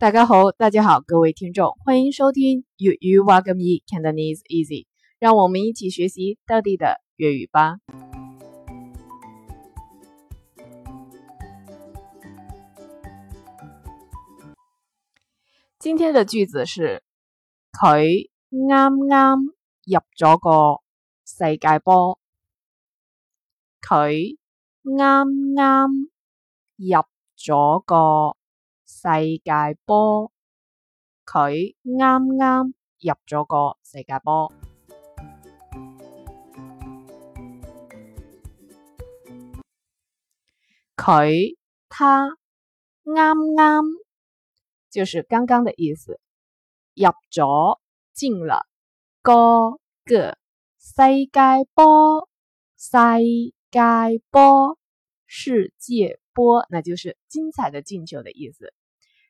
大家好，大家好，各位聽眾，歡迎收聽粵語話咁易，Cantonese Easy，讓我們一起學習地道的粵語吧。今天的句子是：佢啱啱入咗個世界波，佢啱啱入咗個。世界波，佢啱啱入咗個世界波。佢，他，啱啱就是剛剛的意思，入咗進了個，個世界波，世界波，世界波，世界波，那就是精彩的進球的意思。